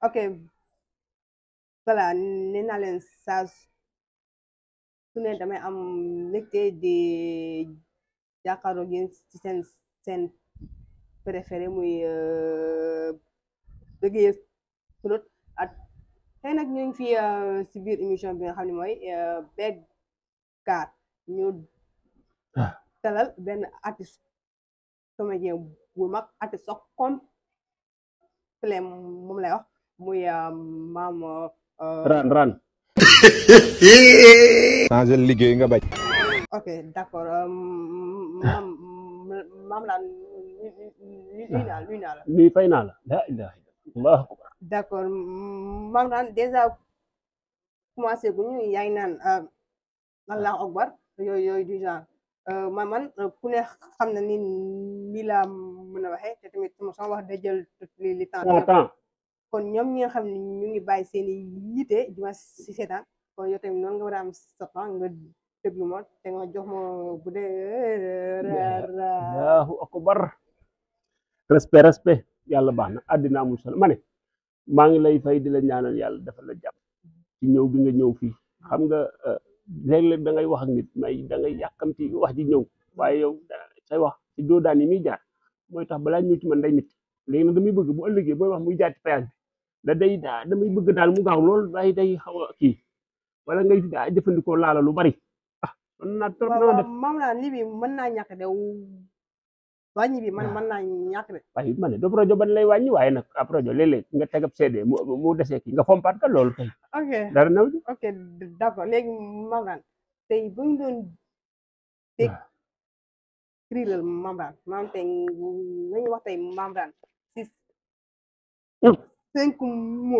ok voilà nee leen saa su damay am mbégte di jàkkaarloo ak yéen ci seen seen préféré muy euh, Bégueye Pilote ak tey nag ñu ngi fi euh, si biir émission bi nga xam ne mooy euh, Bégueye ñu ah. dalal benn artiste comédien bu mag artiste sox complet moom lay muy ah, maam. Ah, ah. ran ran. changel liggéey nga bañ. ok d' euh, maam laa nuyu naa la nuyu naa la. nuyu fay maam laa dèjà commencé gu ñu naan euh, allahu akbar yooyu yooyu du genre euh, man man xam na ni nii laa mën a waxee te wax day li li temps. kon ñom ñi nga xamni ñu ngi bay seen yité yite di ma ci sétan kon yow tamit noonu nga wara am sa temps nga déglu mo te nga jox mo bu dé allahu akbar respect respect yalla baxna adina mu mané ma ngi lay fay di la ñaanal yalla dafa la japp ci ñew bi nga ñew fi xam nga euh, da ngay wax nit may da ngay yakamti wax di ñew waye yow say wax ci do yi mi jaar moy tax bala ñu ci man day mit léegi na dama bëgg bu ëllëgé boy wax muy jaar ci da day daa damay bëgg daal mu gaaw lool day day xaw a kii wala ngay daa jëfandikoo laala lu bari ah mën naa trop na def moom laa lii bi mën naa ñàkk de wàññi bi man ah. mën de waaye ma ne do projet ban lay wàññi waaye nag ab projet léeg-léeg nga tegab CD mu desee kii nga fompaat ka loolu kay ok dara naw ji ok d'accord léegi mam daan mam daan maam tey tem como,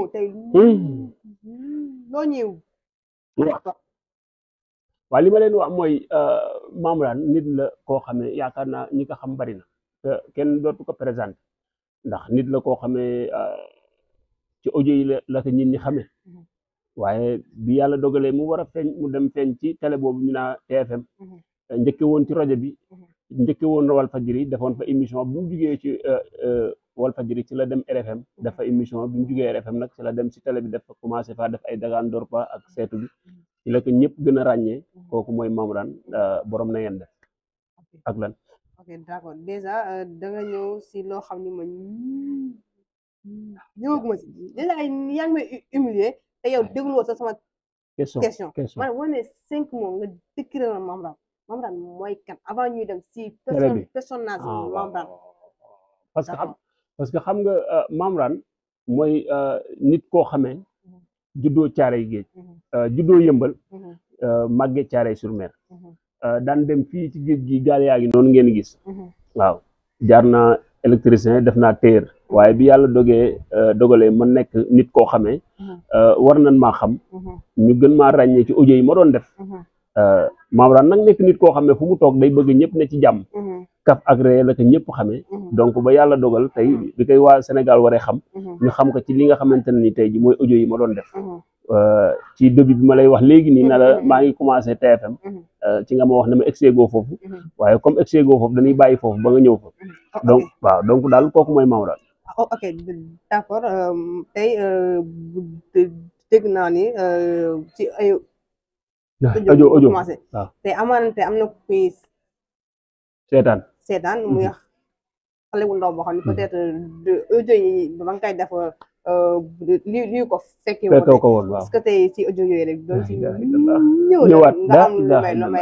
li ma leen wax mooy euh, Mame Rane nit la koo xam ne yaakaar naa ñi ko xam bari na kenn dootu ko présenté ndax nit la koo xam ne euh, ci audio la la nit ñi xamee mhm. waaye bi yàlla dogalee mu war a feeñ mu dem feeñ ci télé boobu ñu naa TFM mhm. njëkke woon ci rajo bi mhm. njëkke woon fa émission bu mu ci. Euh, Walfadjri ci la dem RFM dafa émission bi mu jugee RFM nag ci la dem si télé bi dafa commencé faa def ay dagaan door pa ak seetu bi ci la ko ñëpp gën a ràññee kooku mooy Mamourane euh, borom na ngeen def ak lan. ok d'accord déjà euh, da nga ñëw si loo xam ni ma ñëwaguma si déjà yaa ngi may humilier te sama. question question man boo cinq mots nga décrire la Mamourane Mamourane mooy kan avant ñuy dem si. personnage ah, Mamourane parce que parce que xam nga euh, Mamran mooy euh, nit koo xamee mhm. juddoo caaray géej mhm. euh, juddoo yëmbal mhm. màgge caaray sur mer daan dem fii ci géej gi gaal yaa ngi noonu ngeen gis waaw jaar na électricien def naa téer waaye bi yàlla dogee dogalee ma nekk nit koo xamee war nañ maa xam ñu gën maa ràññee ci audio yi ma doon def Mamran nag nekk nit koo xamee fu mu toog day bëgg ñëpp ne ci jàmm kaf ak ree la ko ñëpp xamee mhm. donc ba yàlla dogal tey mhm. bi koy waa Sénégal waree xam mhm. ñu xam ko ci li nga xamante ni tey ji mooy audio yi ma doon def euh, ci bi ma lay wax léegi nii na la maa ngi commencé TFM euh, ci nga ma wax ne ma exeegoo foofu waaye comme exeegoo foofu dañuy bàyyi foofu ba nga ñëw fa donc waaw donc daal kooku mooy Maodo oh ok d'accord euh, tey dégg naa ni ci ay ah, audio audio commencé ah. tey amaana tey am na kuy seetaan seetaan muy mhm. xale bu ndaw boo xam ne mhm. peut-être audio yi ba nga koy def euh, ko fekkee woon parce que tey ci audio yooyu rek doon ci ñëwaat nga a àndal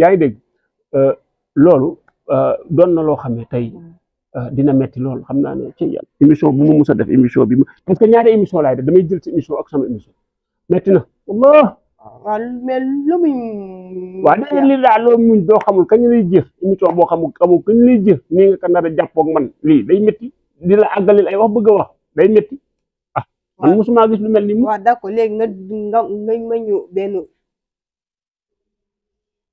yaa ngi euh, loolu euh, loo xam ne tey mm. Euh, dina metti lool xam naa ne ci yàlla émission bu mu mus a def émission bi parce que ñaari émission laay def damay jël ci émission ak sama émission metti na Allah waaw mais lu muy. waaw dañuy lii daal loolu muñ doo xamul kañ lay jëf émission boo xamul xamul kañ lay jëf nii nga ko nar a jàppoo ak man lii day métti di la àggalil ay wax bëgg a wax day métti ah. man mosuma gis lu mel nii. waaw d'accord léegi nga nga nga ma ñëw benn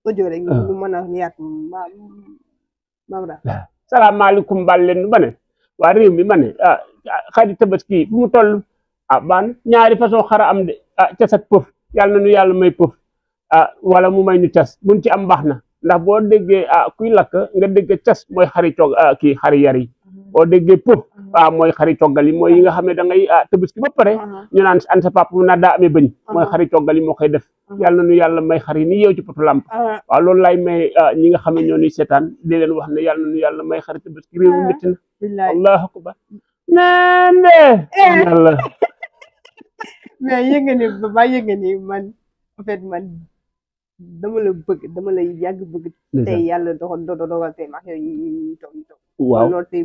audio rek. ñu ah. mën a yaatu ma Maodo. salaamaaleykum baal leen ba ne waa réew mi ma ne ah, ah xari tabaski mu toll ah baan ñaari façon xara am de ah pëf yàlla na nu yàlla may pëf a ah, wala mu may ñu cas buñ ci am baax na ndax boo déggee ah kuy lakk nga dégg cas mooy xari coog ah, kii xari yar yi bo déggee pëf wa ah, moy xari togal yi mooy yi nga xamé da ngay ah tabaski ba pare ñu nan an sa papu na da amé bëñ moy xari togal yi koy def yalla nu yalla may xari ni yow ci potu lamp ah. wa lool lay may ah, ñi nga xamé ñoni ñoo di leen wax né yalla nu yalla may xari tabaski réew mi métti allahu akbar nande eh. yàlla mais yënga ni ba yënga ni man en fait man dama la bëgg dama la yàgg bëgg do do do doxal tay maa ngi yi tok tok waaw loolu tey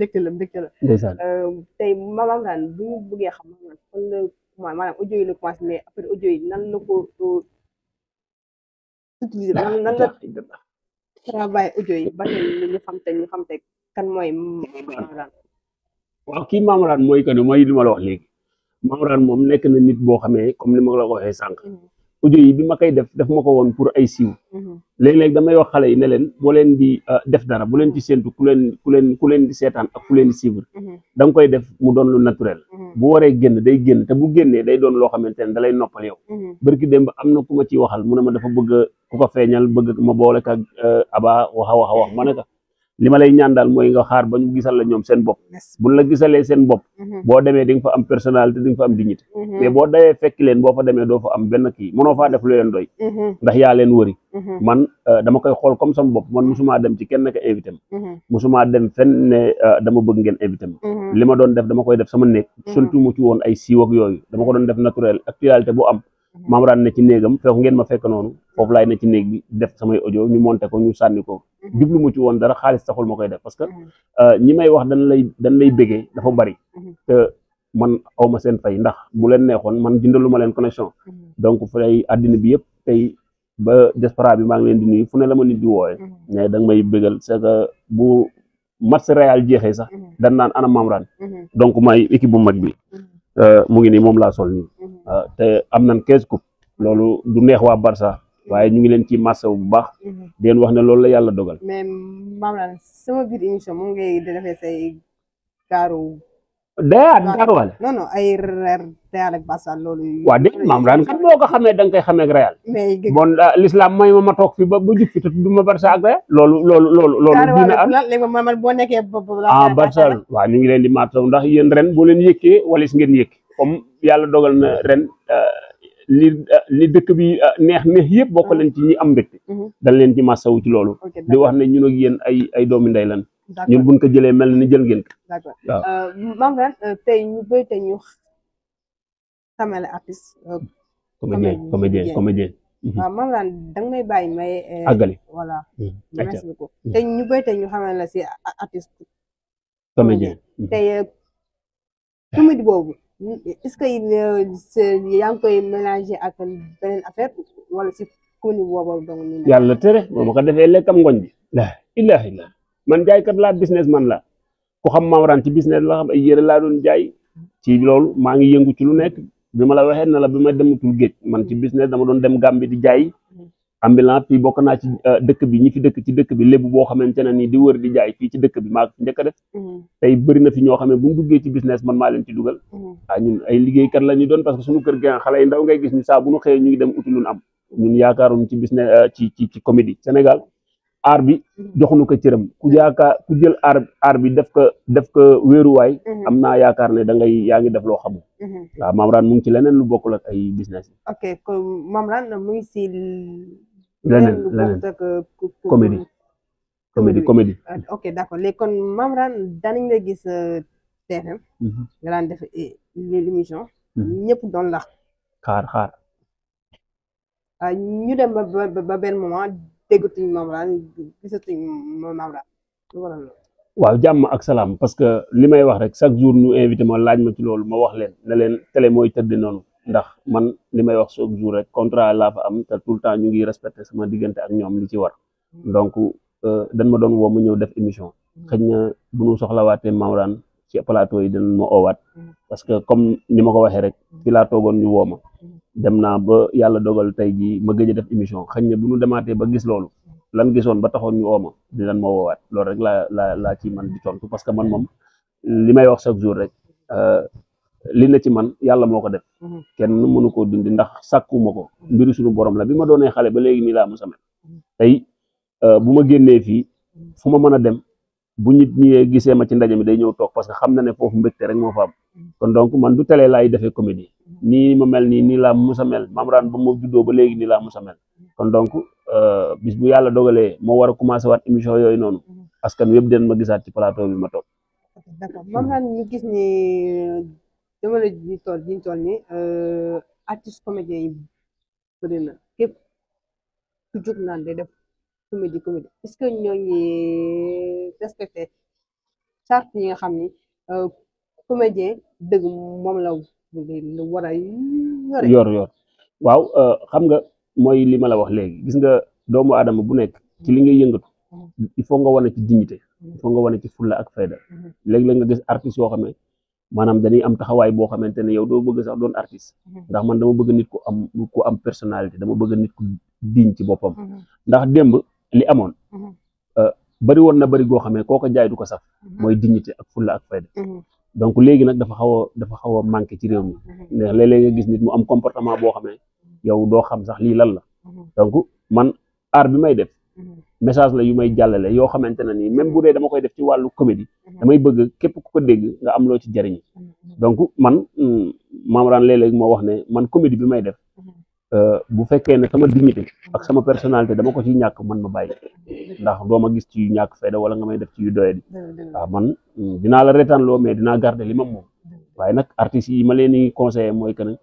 lëkk la mbégte la. ndeysaan euh, tey Mame Ngane bu ñu xam fan la maanaam audio yi la commencé mais après audio nan la ko euh, utiliser nan nan la travail audio yi ba tey ñu xam te ñu xam te kan mooy Mame Ngane. waaw kii Mame Ngane mooy que ne mooy li ma la wax léegi Mame Ngane moom nekk na nit boo xamee comme ni ma la ko waxee sànq. Mm-hmm. audio yi bi ma koy def def ma ko woon pour ay siiw mhm. léeg-léeg damay wax xale yi ne leen boo leen di euh, def dara bu leen ci séntu ku leen ku leen ku leen di seetaan ak ku leen di suivre mhm. da koy def mu doon lu naturel mhm. bu waree génn day génn te bu génnee day doon loo xamante ne da lay noppal yow bërki démb am na ku ma ciy waxal mu ne ma dafa bëgg ku ko feeñal bëgg ma boole ka aba euh, waxa waxa wax ma ne li ma lay ñaan daal mooy nga xaar ba ñu gisal la ñoom seen bopp buñ la gisalee seen bopp mm-hmm. boo demee di nga fa am personnalité di nga fa am dignité mm-hmm. mais boo dawee fekk leen boo fa demee doo fa am benn kii mënoo faa def lu leen doy mm-hmm. yaa leen wëri man euh, dama koy xool comme sama bopp man mosumaa dem ci kenn ka invité ma mosumaa dem fenn ne euh, dama bëgg ngeen invité li ma doon def dama koy def sama néeg surtout mu ci woon ay siiw ak yooyu dama ko doon def naturel actualité bu am maam raan ne ci néegam fekk ngeen ma fekk noonu foofu laay ne ci néeg bi def samay ojo ñu monte ko ñu sànni ko Mm-hmm. jublu mu ci woon dara xaalis taxul ma koy def parce que mm-hmm. euh, ñi may wax dañ lay dañ lay bëggee dafa bari mm-hmm. te man aw ma seen fay ndax bu leen neexoon man jëndalu ma leen connexion donc fay àddina bi yëpp tey ba diaspora bi maa ngi leen di nuyu fu ne la ma nit di wooye mais danga may bëggal c'est que bu match Real jeexee sax dan naan ana Mamran donc may équipe bu mag bi euh, mu ngi nii moom laa sol nii euh, te am na kes coupe loolu du neex waa Barça waye ñu ngi leen ci massa bu baax. Mhm. di leen wax ne loolu la yalla dogal. mais maam naan sama bir émission mo ngay defee say gaaru. daa wala non non ay rer Real ak bassal loolu. wa déedéet maam daan kan boko xamé dang koy xamé ak Real. bon ah, l'islam mooy ma ma toog fi ba bu jub fi te du ma barsa ak Real. loolu loolu loolu loolu. dina am gaaruwaale léegi ma bo nekkee. ah bassal wa ñu ngi leen di maataw ndax yeen ren bo leen yëkkee walis ngeen yékké comme yalla dogal na ren. Ah, li eh, li dëkk bi eh, neex neex yëpp bokk mm-hmm. leen ci ñi am mbégte mm-hmm. dañ leen ci masawu ci loolu di wax ne ñun ak yéen ay ay doomi ndey lan ñun buñ ko jëlee mel ni jël ngeen ko waaw euh, Mame Rane euh, tey ñu bëri tey ñu xamale artiste euh, comédien comédien comédien waaw mm-hmm. Mame Rane danga may bàyyi may eh, àggale voilà merci beaucoup tey la si artiste boobu est-ce que euh, yaa ngi koy mélanger ak beneen affaire wala si kuni boobu dong ni yàlla tere ko defee lekkam ngoñ bi la ilaha illa man jaaykat laa business man la ku xam Maodo ci business la xam ay yére laa doon jaay ci loolu maa ngi yëngu ci lu nekk bi ma la waxee na la bi ma dematul géej man ci business dama doon dem Gambie di jaay ambulance bi bokk na ci eh, dekk bi ñi fi dekk ci dekk bi lebb bo xamantene ni di wër di jaay fi ci dekk bi ci njëkk def mm-hmm. tay bari na fi ño xamé ne bu ñu ci business man ma leen ci dugal mm-hmm. ah ñun ay liggéey kat lañu doon parce que suñu kër gaan xalé ndaw ngay gis ni sa bu ñu xëyee ñu ngi dem uti luñ am ñun yaakaaroon ci business eh, ci ci ci comédie Sénégal ar bi mm-hmm. joxnu ko cëram ku yaakaar ku jël ar ar bi def ko def ko wëru way amna yaakar ne da ngay yaangi def lo xamul wa mamran mu ngi ci leneen lu bokkul ak ay business ok kon mamran mu ngi ci leneen leneen euh, comédie comédie comédie ah, ok d'accord léegi kon Mame Rane danañ gis euh, TFM mhm. nga daan def euh, l'émission mhm. ñëpp doon la xaar xaar ah, ñu dem ba ba benn moment déggatuñ Mame Rane gisatuñ Mame Rane waaw jàmm ak salaam parce que li may wax rek chaque jour ñu invité ma laaj ma ci loolu ma wax leen ne leen télé mooy tëdd noonu ndax man li may wax chaque jour rek contrat laa fa am te tout le temps ñu ngi respecté sama diggante ak ñoom li ci war mm. donc euh, dañ ma doon woo ma ñëw def émission mm. xëy na bu ñu soxlawaatee Maodo ci plateau yi oowaat mm. parce que comme ni ma ko waxee rek fi laa toogoon ñu woo ma dem naa ba yàlla dogal tey jii ma gëj def émission xëy na bu ñu demaatee ba gis loolu lan gisoon ba taxoon ñu ooma dinañ ma woowaat loolu rek laa laa laa ci man di tontu parce que man moom li may wax chaque jour rek euh, li na ci man yàlla moo ko def mhm. kenn mënu koo dundi ndax sakuma ko mhm. mbiru sunu borom la bi ma doonee xale ba léegi nii laa musa mel mhm. tey euh, bu ma génnee fii fu ma mën a dem bu ñu ñi gisee ma ci ndaje mi day ñëw toog parce que xam na ne foofu mbégte rek moo fa am kon donc man du télé laay defee comédie nii ma mel nii nii laa musa mel maam raan ba ma juddoo ba léegi nii laa musa mel kon donc euh, bis bu yàlla dogalee moo war a commencé waat émission yooyu noonu askan wépp den ma gisaat ci plateau bi ma toog jamono ji ñu toll ñu toll nii euh, artiste comédien yi bëri na képp ku jóg naan def comédie comédie est que ñoo ngi respecté charte yi nga xam ni euh, comédien dëgg moom la war a yor yor waaw euh, xam nga mooy li ma la wax léegi gis nga doomu aadama bu nekk ci li ngay yëngatu il faut nga wane ci dignité il faut nga wane ci fulla ak fayda mm-hmm. léeg-léeg nga gis artiste yoo xam maanaam dañuy am taxawaay boo xamante ne yow doo bëgg sax doon artiste mhm. ndax man dama bëgg nit ku am ku am personnalité dama bëgga nit ku diñ ci boppam mhm. ndax démb li amoon mhm. euh, bari woon na bari goo xamee koo ko jaay du ko saf mooy dignité ak fulla ak fayda donc léegi nag dafa xaw a dafa xaw a manqué ci réew mi ndax léeg gis nit mu am comportement boo xamee yow doo xam sax lii lan la donc man art bi may def message la yu may jàllale yoo xamante ne nii même bu dee dama koy def ci wàllu comédie mhm. damay bëgg képp ku ko dégg nga am loo ci jariñ mhm. donc man hmm, Mamran léeg-léeg moo wax ne man comédie bi may def mhm. euh, bu fekkee ne sama dignité ak sama personnalité dama ko ci ñàkk man ma bàyyi ndax doo ma gis ci yu ñàkk fayda wala nga may def ci yu doyadi waaw ah, man hmm, dinaa la reetaan loo mais dinaa garder li ma moom waaye nag artistes yi ma leen di mooy que ne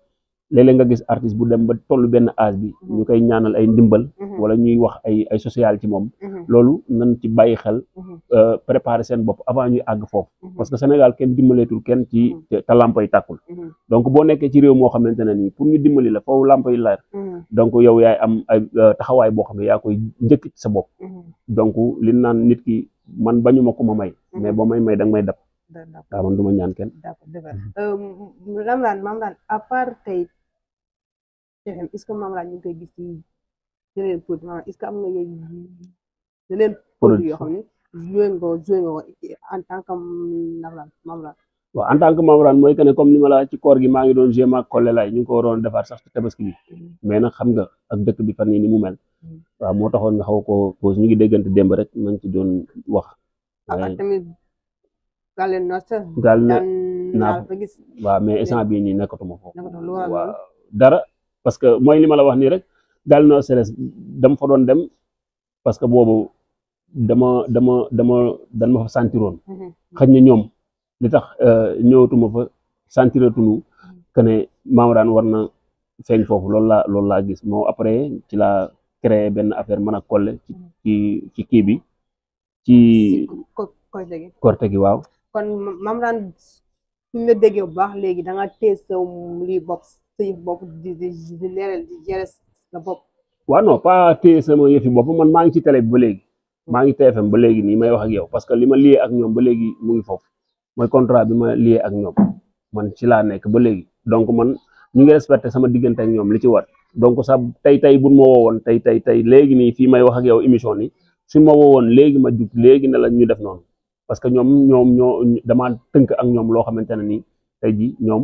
léeg-léeg nga gis artiste bu dem ba toll benn âge bi mhm. ñu koy ñaanal ay ndimbal mhm. wala ñuy wax ay ay social ci moom mhm. loolu nañ ci bàyyi xel euh, préparer seen bopp avant ñuy àgg foofu parce que Sénégal kenn dimbaleetul kenn ci ta lampa yi tàkkul donc boo nekkee ci réew moo xamante ne nii pour ñu dimbali la foofu lampa yi leer donc yow yaay am ay euh, taxawaay boo xam ne yaa koy njëkk ci sa bopp donc li naan nit ki man bañuma ma ko ma may mais boo may may danga may dab waaw man ma ñaan kenn TFM est-ce que Mame Laye ñu ngi koy gis ci yeneen produit maanaam est-ce que am nga yeneen produit yoo xam ne joué nga ko joué nga ko en tant que Mame Laye waaw en tant que Mame Laye mooy que ne comme ni ma la ci koor gi maa ngi doon joué maag Collé Laye ñu ngi ko waroon defar sax ci tabaski bi mm. mais nag xam nga ak dëkk bi fan yii ni mu mel mm. waaw moo taxoon nga xaw ko pause ñu ngi déggante démb rek ma ngi ci doon wax ah, ak tamit gaal na waaw mais instant bii nii nekkatuma foofu waaw dara parce que mooy li ma la wax nii rek gàll na Célès dama fa doon dem parce que boobu dama dama dama dan ma fa sentiroon mm-hmm. xëy na ñoom li tax euh, ñëwatuma fa sentiratuñu mm-hmm. que ne Mamadou war na feeñ foofu loolu la loolu laa gis moo après ci laa créé benn affaire mën a colle ci mm-hmm. ci ci kii bi ci korte gi waaw kon Mamadou su ñu déggee baax léegi da nga téye sa lii sa bopp di di leeral di jëlee sa bopp. waaw sama yëfi bopp man maa ngi ci télé bi ba léegi maa ngi TFM ba léegi nii may wax ak yow parce que li ma lié ak ñoom ba léegi mu ngi foofu mooy contrat bi ma lié ak ñoom man ci laa nekk ba léegi donc man ñu ngi respecté sama diggante ak ñoom li ci war donc sa tey tey bu ma woowoon tey tey tey léegi nii fii may wax ak yow émission ni suñ ma woowoon léegi ma jug léegi na la ñu def noonu parce que ñoom ñoom ñoo damaa tënk ak ñoom loo xamante ne nii ji ñoom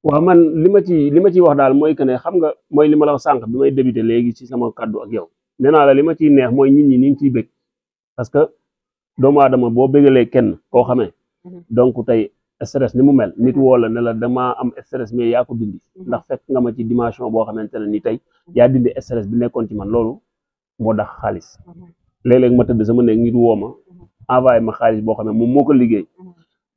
waaw man li ma ci li ma ciy wax daal mooy que ne xam nga mooy li ma la wax sànq bi may débuté léegi ci sama kàddu ak yow nee naa la li ma ciy neex mooy nit ñi ni ñu ciy bëgg parce que doomu aadama boo bëggalee kenn koo xamee mhm. donc tey stress ni mu mel nit mhm. woo la ne la damaa am stress mais yaa ko dindi mhm. ndax fekk nga ma ci dimension boo xamante ne ni tey yaa dindi stress bi nekkoon ci man loolu moo tax xaalis léeg-léeg ma tëdd sama néeg nit woo envoyé ma xaalis boo xam ne moom moo ko liggéey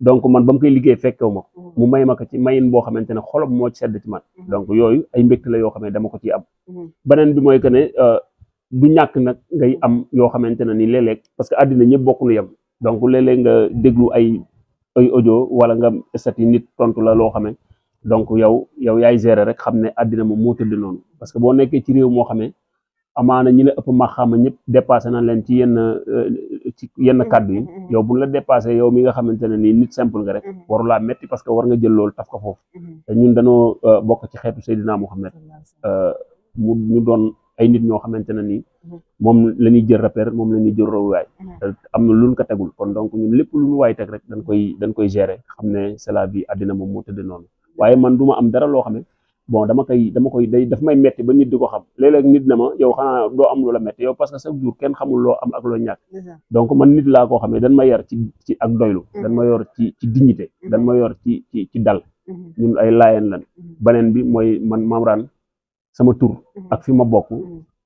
donc man ba mu koy liggéey fekkew ma ko mm-hmm. mu may ma ko ci mayin boo xamante ne xolob moo ci sedd ci man mm-hmm. donc yooyu ay mbégte la yoo xam ne dama ko ciy am mm-hmm. beneen bi mooy que ne euh, du ñàkk nag ngay am yoo xamante ne ni léeg parce que àddina ñëpp bokk yem donc léeg nga déglu ay ay audio wala nga stati nit tontu la loo xam ne donc yow yow yaay gérer rek xam ne àddina moom moo tëdd noonu parce que boo nekkee ci réew moo xamee amaana ñi la ëpp maxaama ñëpp dépassé nañ leen ci yenn euh, ci yenn mm-hmm. kàddu yi mm-hmm. yow buñ la dépassé yow mi nga xamante ne nii nit simple nga rek mm-hmm. warulaa metti parce que war nga jël loolu taf ko foofu te ñun dañoo euh, bokk ci xeetu Seydina Muhammad euh, mu ñu doon ay nit ñoo xamante ne nii moom la ñuy jël repère moom la ñuy jël rowaay am na luñ ko tegul kon donc ñun lépp lu ñu waay teg rek dañ koy dañ koy gérer xam ne c'est la vie àddina moom moo tëdd noonu waaye man du ma am dara loo xam ne bon dama kay dama koy day daf may metti ba nit diko xam léeg-léeg nit nama yow xana do am lula metti yow parce que chaque jour ken xamul lo am ak lo ñak donc man nit la ko xamé dañ ma yar ci ci ak doylu mm-hmm. dañ ma yor ci ci dignité mm-hmm. dañ ma yor ci ci ci dal mm-hmm. ñun ay layen lan beneen bi moy man Mamran sama tour ak fi ma bokku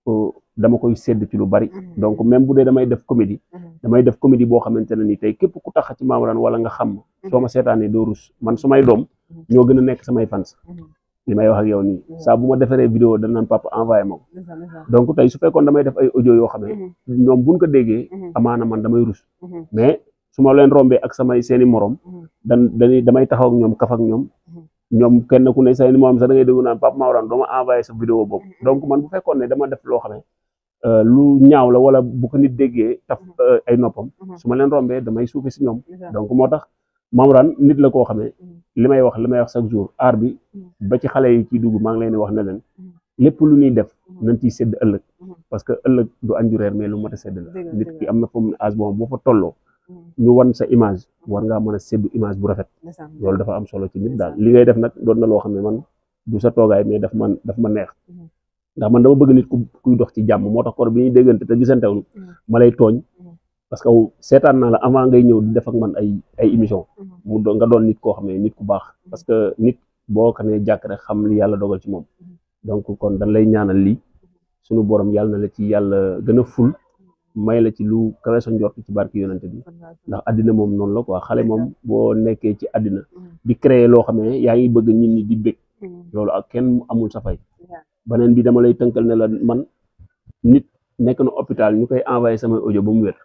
euh, dama koy sedd ci lu bari donc même bu dee damay def comédie damay def comédie bo xamante ni tay képp ku tax ci Mamran wala nga xam soo ma seetaanee rus man sumay dom ño gëna nek samay fans li may wax ak yow nii mm. saa bu ma defaree vidéo dañ naan papa envoyé ma ko donc tey su fekkoon damay def ay audio yoo xam ne mm-hmm. ñoom buñ ko déggee mm-hmm. amaana man damay rus mm-hmm. mais su ma leen rombee ak samay seeni morom dan dañuy damay taxaw ñoom kaf ak ñoom ñoom kenn ku ne seeni morom sax da ngay dégg naan papa Maodo doo ma envoyé sa vidéo boobu donc man bu ne dama def xam ne euh, lu ñaaw la wala bu ko nit déggee taf euh, ay noppam su ma leen rombee damay suufe si ñoom donc moo tax Mame Rane nit la koo xamee mm. li may wax li may wax chaque jour aar bi mm. ba ci xale yi ciy dugg maa ngi leen di wax ne leen mm. lépp lu ñuy def nañ ciy sedd ëllëg parce que ëllëg du añju reer mais lu mat a sedd la nit ki am na foofu âge boobu boo fa tolloo ñu wan sa image war ngaa mën a sedd image bu rafet loolu dafa am solo ci nit daal li ngay def nag doon na loo xam ne man du sa toogaay mais daf man daf ma neex ndax man dama bëgg nit ku kuy dox ci jàmm moo tax kor bi ñuy déggante te gisantewul ma lay tooñ parce que setan na la avant ngay ñew di def ak man ay ay émission mhm. mu nga doon nit ko xamé nit ku bax mhm. parce que nit bo ko jakk rek xam li yalla dogal ci mom mhm. donc kon dañ lay ñaanal li sunu borom yalla na la ci yalla gëna ful may la ci lu kawe sa njort ci barki yonenté bi ndax adina mom non la quoi xalé mom bo nekké ci adina di créer lo xamé ne bëgg nit ñi di bëgg lolu ak kenn amul sa fay bi dama lay teunkal ne la man nit nekk na hôpital ñu koy envoyé samay ojo ba mu wér.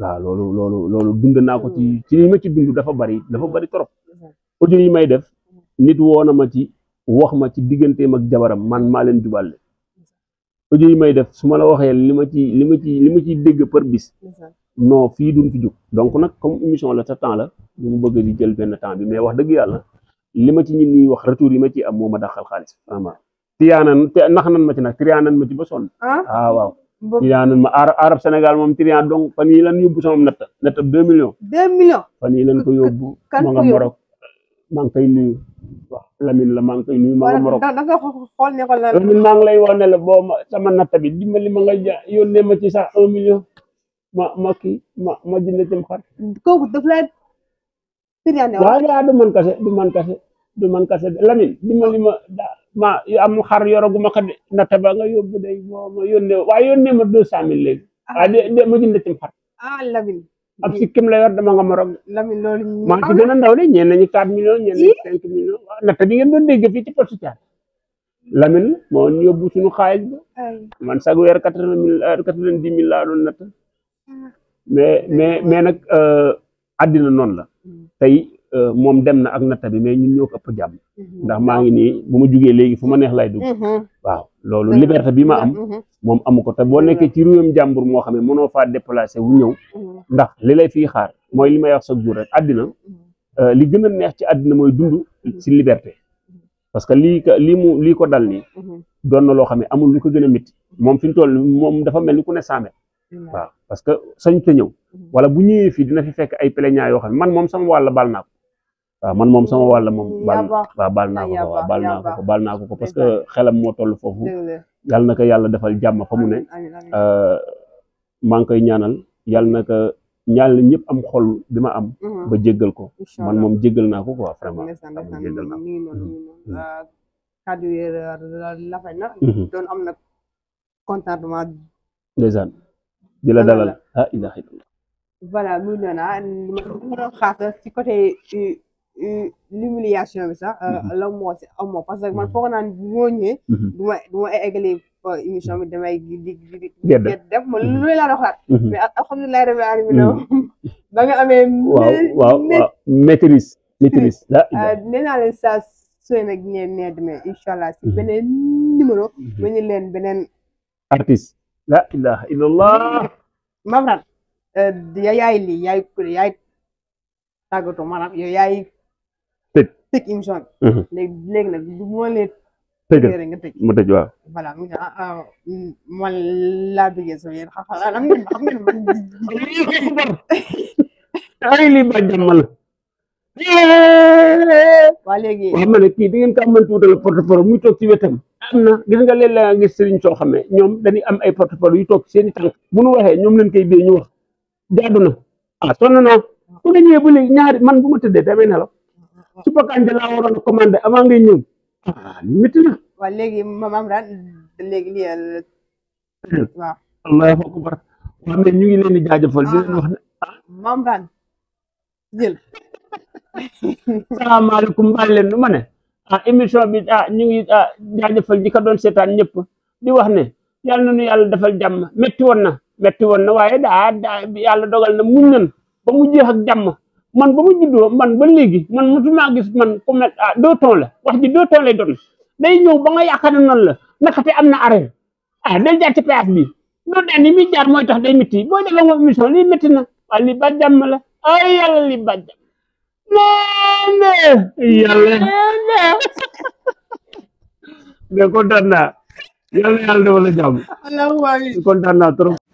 waaw loolu loolu loolu dund naa ko ci hmm. ci li ma ci dund dafa bari dafa bari trop. audio yi may def hmm. nit woo na ma ci wax ma ci digganteem ak jabaram man maa leen jubale audio yi may def su ma la waxee li ma ci li ma ci li ma ciy dégg par bis. non fii duñ fi jóg donc nag comme émission la sa temps la ñu mu bëgg di jël benn temps bi mais wax dëgg yàlla li ma ci ñun ñuy wax retour yi ma ci am moo ma dàqal xaalis vraiment. tiyaanan nax nan ah? Ah, ma ci nag tiriyaanan ma ci ba ah waaw tiriyaanan ma arab sénégal moom tiriyan donc fan yi lan yóbbu sama netta netta deux millions deux millions fan yi lan ko yóbbu ma nga morok maa ngi koy nuyu waaw Lamine la maa ngi nuyu ma nga morok da nga xool ne ko Lamine maa ngi lay la boo sama natta bi dimbali ma nga ja yónnee ma ci sax un million ma ma kii ma ma jënd ci xar kooku daf lay tiriyaane waaw waaw du man kase du man kase du man kase Lamine dimbali ma ma am xar yoraguma ko de natta ba nga yóbbu day moo ma yónnee waaye yónnee ma deux cent mille léegi. ah de ma jënd tim xar. a Lamine. ab sikkim la yor dama nga Maroc. Lamine loolu maa ci gën a ndaw de ñeen nañu quatre millions ñeen nañu cinq millions natta bi ngeen doon dégg fii ci poste caar Lamine moo yóbbu suñu xaalis ba. man sag weer quatre vingt mille euh, quatre vingt dix mille natta ah. mais mais mais nag addina euh, noonu la hmm. Euh, moom dem na ak natta bi mais ñun ñoo ko ëpp jàmm mhm. ndax maa ngi nii bu ma jugee léegi fu ma neex lay dugg mhm. waaw loolu liberté bi ma am mhm. moom amu ko te boo nekkee ci réewam jàmbur moo xam ne mënoo faa déplacé wu ñëw ndax li lay fiy xaar mooy li may wax chaque jour rek àddina euh, li gën a neex ci àddina mooy dund ci liberté parce que lii ko lii mu lii ko dal nii na loo xam ne amul lu ko gën a métti moom fi mu toll moom dafa mel ni ku ne saamet waaw parce que sañ te ñëw wala bu ñëwee fii dina fi fekk ay plaignants yoo xam ne man moom sama wàll baal naa ko waaw man moom sama wàll moom baal naa ko ko waaw baal naa ko ko baal naa ko parce que xelam moo toll foofu yàlla na ko yàlla defal jàmm fa mu ne euh, maa ngi koy ñaanal yàlla na ko ñaanal ñëpp am xol bi ma am mm-hmm. ba jéggal ko man moom jéggal naa ko quoi vraiment jéggal naa ko mm-hmm. ah, kàddu yi rafet na mm-hmm. doon am na contentement ndeysaan di la dalal ah l'humiliation bi sax euh, mhm. la moo si amoo parce que man mhm. foog naan bu moo ñëwee mhm. du ma du ma eggali euh, bi damay di di di def ma lu lay laa doxaat mais alhamdulilah rabbil alamin ba nga amee waaw waaw maîtrise maîtrise euh, nee naa leen saa suy nag leen beneen artiste la ilaha illallah Mavrat yaay lii yaay yaay tàggatoo maanaam yow yaay tek émission bi. léegi léegi nag bu ma leen. tëjee nga tëj mu tëj waaw. voilà mu ne ah, ah man laa bëggee soo yéen xam xam ngeen xam ngeen man. ay lii ba jàmmal. waa léegi. waaw ma ne kii di ngeen ko mënti wutal porte-parole muy toog ci wetam. am na gis nga léeg-léeg nga gis sëriñ soo xamee ñoom dañuy am ay porte yu toog seen i tànk bu nu waxee ñoom leen koy bee ñu wax jaadu na ah sonn naa bu la ñëwee bu léegi ñaari man bu ma tëddee damay nelaw suppa kanja laa waroon a commandé avant ngay ñëw ah na. waaw léegi maam daal léegi lii euh, waaw. allahu akbar waaw mais ñu ngi leen di jaajëfal di ah, leen wax ma ne ah, ah bi ah ñu ngi ah ñi ko doon seetaan ñëpp di wax ne yàlla na nu yàlla defal jàmm metti woon na métti woon na waaye daa yàlla dogal na muñ nan ba mu jeex ak jàmm. man bamu jiddo man ba legi man ma gis man ku met ah deux tonnes la wax di deux tonnes lay don day ñew ba nga yaakaar non la nakati amna na arrêt ah day jaar ci place bi do daal ni mi jaar moy tax day métti boo defee nga mission li metti na wa li ba jàmm la ay yalla li ba jàmm yalla yàlla mais ko naa yalla yalla do la jàmm ko naa trop